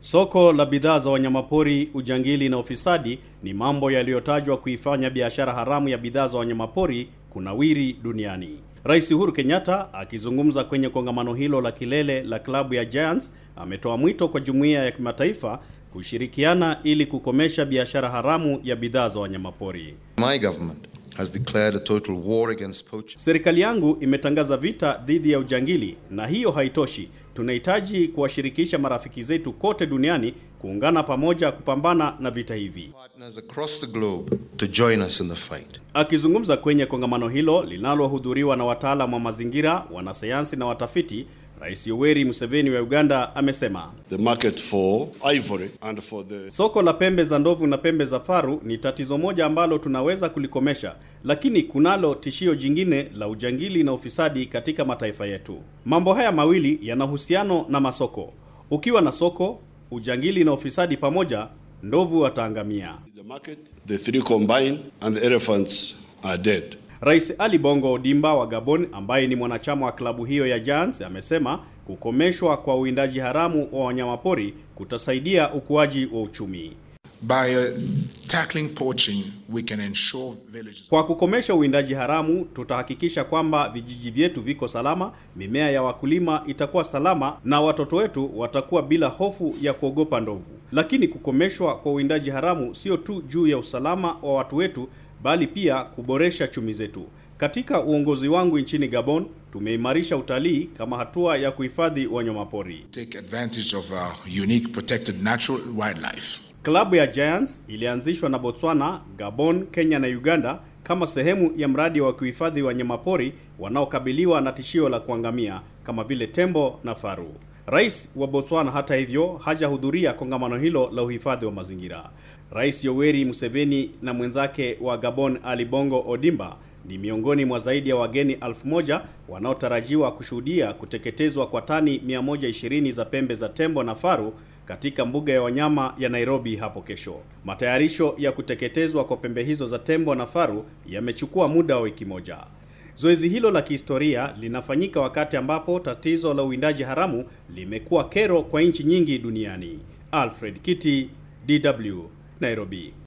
Soko la bidhaa za wanyamapori, ujangili na ufisadi ni mambo yaliyotajwa kuifanya biashara haramu ya bidhaa za wanyamapori kunawiri duniani. Rais Uhuru Kenyatta akizungumza kwenye kongamano hilo la kilele la klabu ya Giants ametoa mwito kwa jumuiya ya kimataifa kushirikiana ili kukomesha biashara haramu ya bidhaa za wanyamapori. My government has declared a total war against poaching. Serikali yangu imetangaza vita dhidi ya ujangili, na hiyo haitoshi. Tunahitaji kuwashirikisha marafiki zetu kote duniani kuungana pamoja kupambana na vita hivi. Partners across the globe to join us in the fight. Akizungumza kwenye kongamano hilo linalohudhuriwa na wataalamu wa mazingira, wanasayansi na watafiti Rais Yoweri Museveni wa Uganda amesema the market for ivory and for the... soko la pembe za ndovu na pembe za faru ni tatizo moja ambalo tunaweza kulikomesha, lakini kunalo tishio jingine la ujangili na ufisadi katika mataifa yetu. Mambo haya mawili yana uhusiano na masoko. Ukiwa na soko, ujangili na ufisadi pamoja, ndovu wataangamia. The market, the three combine, and the elephants are dead. Rais Ali Bongo Odimba wa Gabon ambaye ni mwanachama wa klabu hiyo ya Giants amesema kukomeshwa kwa uwindaji haramu wa wanyamapori kutasaidia ukuaji wa uchumi. By, uh, tackling poaching, we can ensure villages... Kwa kukomesha uwindaji haramu tutahakikisha kwamba vijiji vyetu viko salama, mimea ya wakulima itakuwa salama na watoto wetu watakuwa bila hofu ya kuogopa ndovu. Lakini kukomeshwa kwa uwindaji haramu sio tu juu ya usalama wa watu wetu bali pia kuboresha chumi zetu. Katika uongozi wangu nchini Gabon, tumeimarisha utalii kama hatua ya kuhifadhi wanyamapori. Take advantage of our unique protected natural wildlife. Klabu ya Giants ilianzishwa na Botswana, Gabon, Kenya na Uganda kama sehemu ya mradi wa kuhifadhi wanyamapori wanaokabiliwa na tishio la kuangamia kama vile tembo na faru. Rais wa Botswana hata hivyo hajahudhuria kongamano hilo la uhifadhi wa mazingira. Rais Yoweri Museveni na mwenzake wa Gabon Ali Bongo Odimba ni miongoni mwa zaidi ya wageni elfu moja wanaotarajiwa kushuhudia kuteketezwa kwa tani 120 za pembe za tembo na faru katika mbuga ya wanyama ya Nairobi hapo kesho. Matayarisho ya kuteketezwa kwa pembe hizo za tembo na faru yamechukua muda wa wiki moja. Zoezi hilo la kihistoria linafanyika wakati ambapo tatizo la uwindaji haramu limekuwa kero kwa nchi nyingi duniani. Alfred Kiti, DW, Nairobi.